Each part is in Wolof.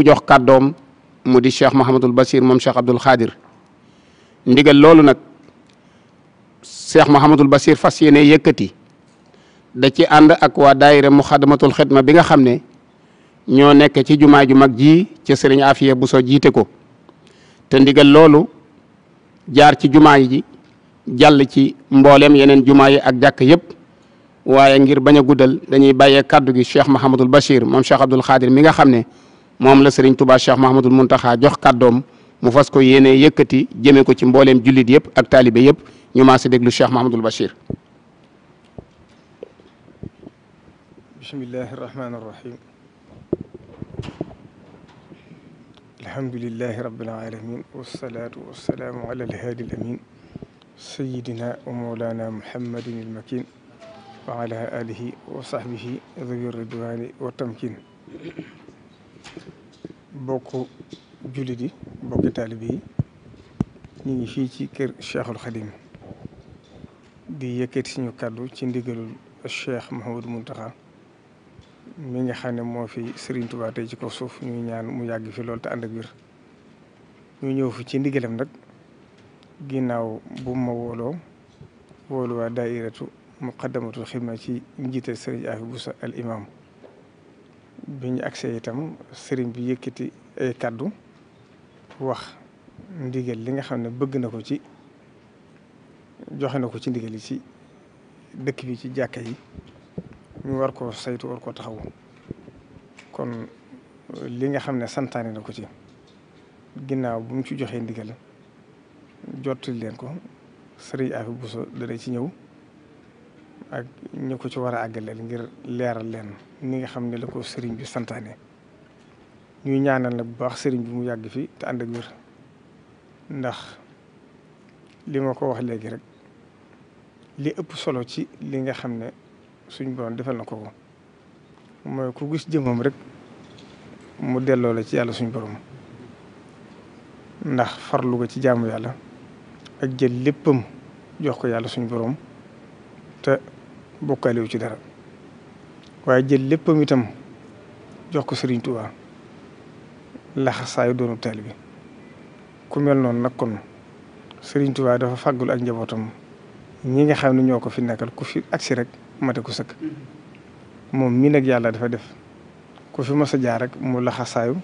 ku jox kàddoom mu di cheikh Mouhamadul Bachir moom cheikh Abdoul Khadir ndigal loolu nag cheikh Mouhamadul Bachir fas yéene yëkkati da ci ànd ak waa daayira Muxaddamatul Xidma bi nga xam ne ñoo nekk ci jumaa ju mag ji ca sëriñ Afiya bu soo jiite ko te ndigal loolu jaar ci jumaa ji jàll ci mboolem yeneen jumaa yi ak jàkk yëpp. waaye ngir bañ a guddal dañuy bàyyee kàddu gi cheikh Mahamadul Bachir moom cheikh Abdoul Khadir mi nga xam ne moom la Serigne Touba Cheikh Mahamadul Muntaxa jox kàddoom mu fas ko yéene yëkkati jëmee ko ci mbooleem jullit yëpp ak taalibe yëpp ñu maase déglu Cheikh Mahamadul Bachir bismillahi rahmaani rahim alhamdulilahi rabbil alamin wassalaatu wassalaamu ala alhaadi alamin sayidina wa mawlana muhammadin almakin wa ala alihi wa sahbihi zawi ridwani wa tamkin bokk jullit yi bokki taalibe yi ñu ngi fii ci kër Cheikhul Khadim di yëkkati suñu kàddu ci ndigalul Cheikh Mouhamadou Mountakha mu nga xam ne moo fi Serigne Touba tey ci kaw suuf ñu ñaan mu yàgg fi loolu te ànd ak ñu ñëw fi ci ndigalam nag ginnaaw bu ma wooloo woolu waa daayiratu muqaddamatul xidma ci njiital Serigne Afi Boussa al imam bi ñu agsee itam sëriñ bi yëkkati ay kàddu wax ndigal li nga xam ne bëgg na ko ci joxe na ko ci ndigal yi ci dëkk bi ci jàkka yi ñu war ko saytu war koo taxawu kon li nga xam ne santaane na ko ci ginnaaw bu mu ci joxee ndigal jottali leen ko sëriñ Afi Bousso dana ci ñëw ak ñu ko ci war a àggaleel ngir leeral leen ni nga xam ne la ko sëriñ bi santaane ñuy ñaanal nag bu baax sëriñ bi mu yàgg fii te ànd ak wér ndax li ma ko wax léegi rek li ëpp solo ci li nga xam ne suñ borom defal na ko ko mooy ku gis jëmmam rek mu delloo la ci yàlla suñ boroom ndax farlu ga ci jaamu yàlla ak jël léppam jox ko yàlla suñ boroom te bokkaale wu ci dara waaye jël léppam itam jox ko Serigne Touba laxasaayu doonu taalibe bi ku mel noonu nag kon Serigne dafa fàggul ak njabootam ñi nga xam ne ñoo ko fi nekkal ku fi agsi rek mate ko sëkk moom mii nag yàlla dafa def ku fi mas a jaar rek mu laxasaayu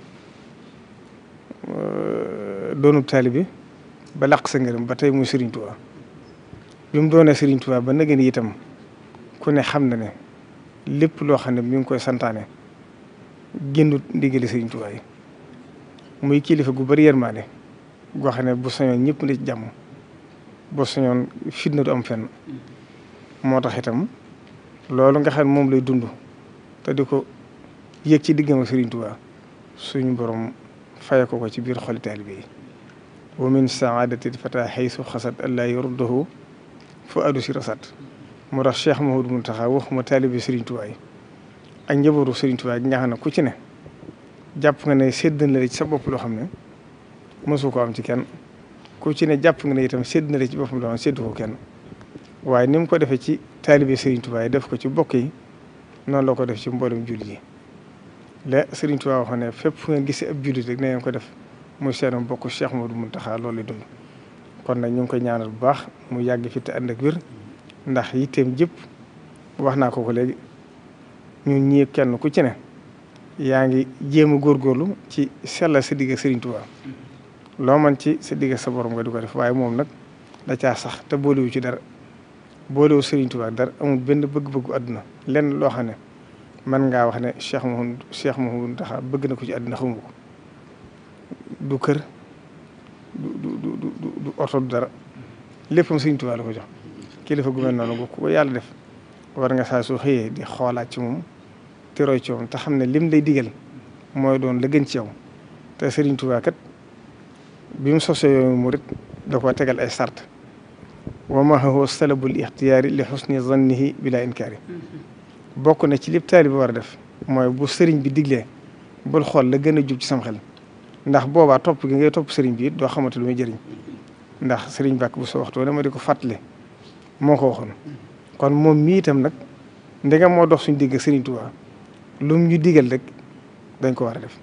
euh, doonub taalibe bi ba laq sa ngërëm ba tey muy Serigne Touba bi mu doonee Serigne ba nageen itam. ku xam na ne lépp loo xam ne mi ngi koy santaane génnut ndigali Sëriñ Tuubaa muy kilifa gu bari yërmaane goo xam ne bu sañoon ñëpp ne ci jàmm bu sañoon fitna du am fenn moo tax itam loolu nga xam ne moom lay dund te di ko yëg ci diggam ak Sëriñ suñu borom faye ko ko ci biir xoli taalibe yi wa min saadati fata xaysu xasat allaa yurdahu fu addu si rasat moo tax Cheikh Mouhamadou Mountakha waxuma taalibe Serigne Touba yi ak njabootu Serigne Touba gi nga xam ne ku ci jàpp nga ne sedd na la ci sa bopp loo xam ne mosu ko am ci kenn ku jàpp nga ne itam sedd na la ci boppam loo xam ne ko kenn waaye ni ko defee ci taalibe Serigne Touba def ko ci bokk yi noonu la ko def ci mboolem jullit yi le Serigne Touba waxoon ne fépp fu nga gisee ab jullit rek na ngeen ko def muy seenam bokk Cheikh Mouhamadou Mountakha loolu lay dund kon nag ñu ngi koy ñaanal bu baax mu yàgg fi te ànd ak wér ndax yitteem jépp wax naa ko ko léegi ñun ñii kenn ku ci ne yaa ngi jéem a góorlu ci sella sa digg Sëriñ Tuubaa mm-hmm. loo man ci sa digg sa borom nga du ko def waaye moom nag da caa sax te boolewu ci dara boolewu Sëriñ Tuubaa dara amul benn bëgg-bëggu àdduna lenn loo xam ne mën ngaa wax ne Cheikh Mouhamed Cheikh Mouhamed ndax bëgg na ko ci àdduna xamu ko du kër du oto du dara mm-hmm. léppam Sëriñ Tuubaa la ko jox. kilifa gu mel noonu bu ko yàlla def war nga saa soo xëyee di xoolaat ci moom te roy ci moom te xam ne lim lay diggal mooy doon la gën ci yow sëriñ Serigne Touba kat bi mu sosee yoonu murit da koo tegal ay sart wa ma huwa salabul ixtiyaari li xusni zannihi bila inkaari bokk na ci lépp taalibe war a def mooy bu sëriñ bi digle bul xool la gën a jub ci sam xel ndax boobaa topp gi ngay topp sëriñ bi doo xamante lu muy jëriñ ndax sëriñ bàkk bu soo waxtu wala ma di ko fàttali moo ko waxoon kon moom mii itam nag ndegam moo dox suñu digg Sëriñ Tuubaa lum ñu digal rek dañ ko war a def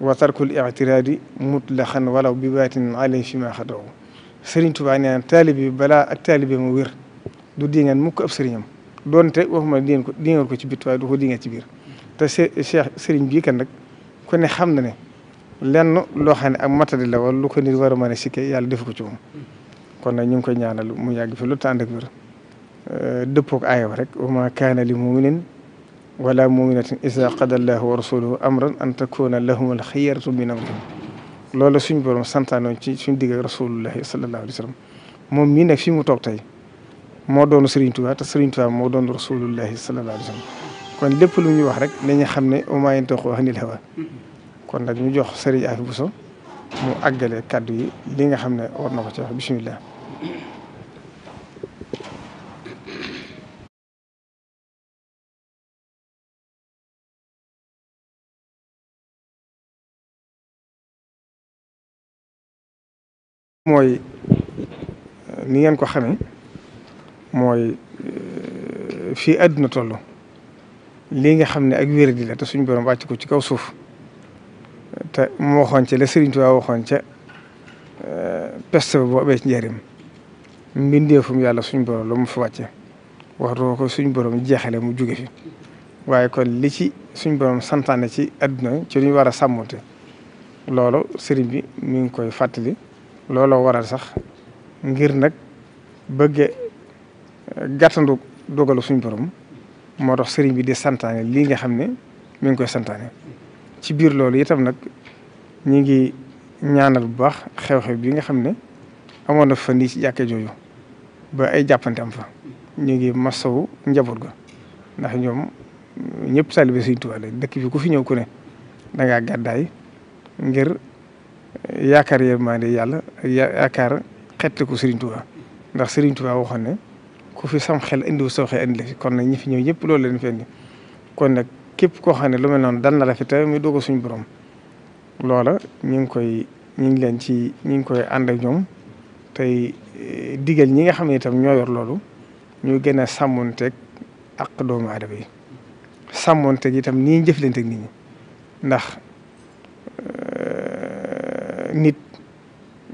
wa tarkul i'tiraadi mutlaqan walaw bi baatin alay fi ma xadaw Sëriñ Tuubaa nee na taalibi balaa ak taalibi mu wir du dingaan mukk ab sëriñam donte waxuma di ngeen ko di ngeen ko ci bit waaye du ko di ngeen ci biir te Cheikh sëriñ bii kan nag ku ne xam na ne lenn loo xam ne ak matadi la wala lu ko nit war a mën a sikke yàlla def ko ci moom kon nag ñu ngi koy ñaanal mu yàgg fi lu tànd ak wér euh, dëppook aayoo rek wa ma kaana li muminin wala muminatin isa qada allahu wa rasuluhu amran an takuna lahum al xiyaratu min amrihim loolu suñ borom santaanoon ci suñ digg ak rasulullahi sallallahu alayhi wa sallam moom mii nag fi mu toog tey moo doon Serigne Touba te Serigne Touba moo doon rasulullahi sallallahu alayhi wa sallam kon lépp lu ñuy wax rek dañuy xam ne wa maa yantiqu anil hawa kon nag ñu jox Serigne Afi Bousso mu àggale kàddu yi li nga xam ne war na ko ci wax bismillah mooy ni ngeen ko xamee mooy euh, fii àdduna toll lii nga xam ne ak wér di la te suñ borom wàcc ko ci kaw suuf te moo waxoon ca la Sëriñ Tuubaa waxoon euh, peste ba boo ci njëriñ mbindeefum yàlla suñ borom la mu fi wàcce waxtu ko suñ borom jeexale mu jóge fi waaye kon li ci suñ boroom santaane ci adduna ci lu war a sàmmonte loolu sëriñ bi mu ngi koy fàttali looloo waral sax ngir nag bëgge eh, gàttandu dogalu suñ boroom moo tax sëriñ bi di santaane lii nga xam ne mu ngi koy santaane ci biir loolu itam nag ñu ngi ñaanal bu baax xew-xew bi nga xam ne amoon na fa nii ci jàkke jooju ba ay jàppante am fa ñu ngi masawu njaboot ga ndax ñoom ñëpp taalibe Sëriñ Tuubaa dëkk bi ku fi ñëw ku ne da ngaa gàddaay ngir yaakaar yërmande yàlla yaakaar xetle ko Sëriñ Tuubaa ndax Sëriñ Tuubaa waxoon ne ku fi sam xel indiwu sam xel indi fi kon nag ñi fi ñëw ñëpp loolu leen fi indi kon nag képp koo xane lu mel noonu dal na la fi te muy doog suñu borom loola ñu ngi koy ñu ngi leen ci ñu ngi koy ànd ñoom tey eh, digal ñi nga xam ne itam ñoo yor loolu ñu gën a sàmmonteeg ak doomu aadama yi sàmmonteeg itam nii ñu ni nit ñi ndax eh, nit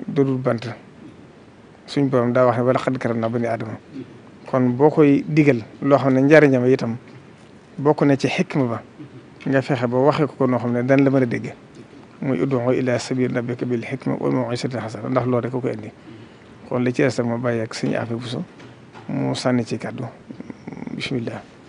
dodul bant suñ borom daa wax ne wala xad karam na bani aadama kon boo koy digal loo xam ne njariñam itam bokk na ci xikma ba nga fexe boo waxee ko ko noo xam ne dan la mën a dégg muy ud'u ila sabil rabbika bil hikma wal maw'izatil hasana ndax loolu rek ko koy indi kon li ci des rek ma bàyyi ak suñu affaire bu so mu sànni ci kàddu bismillah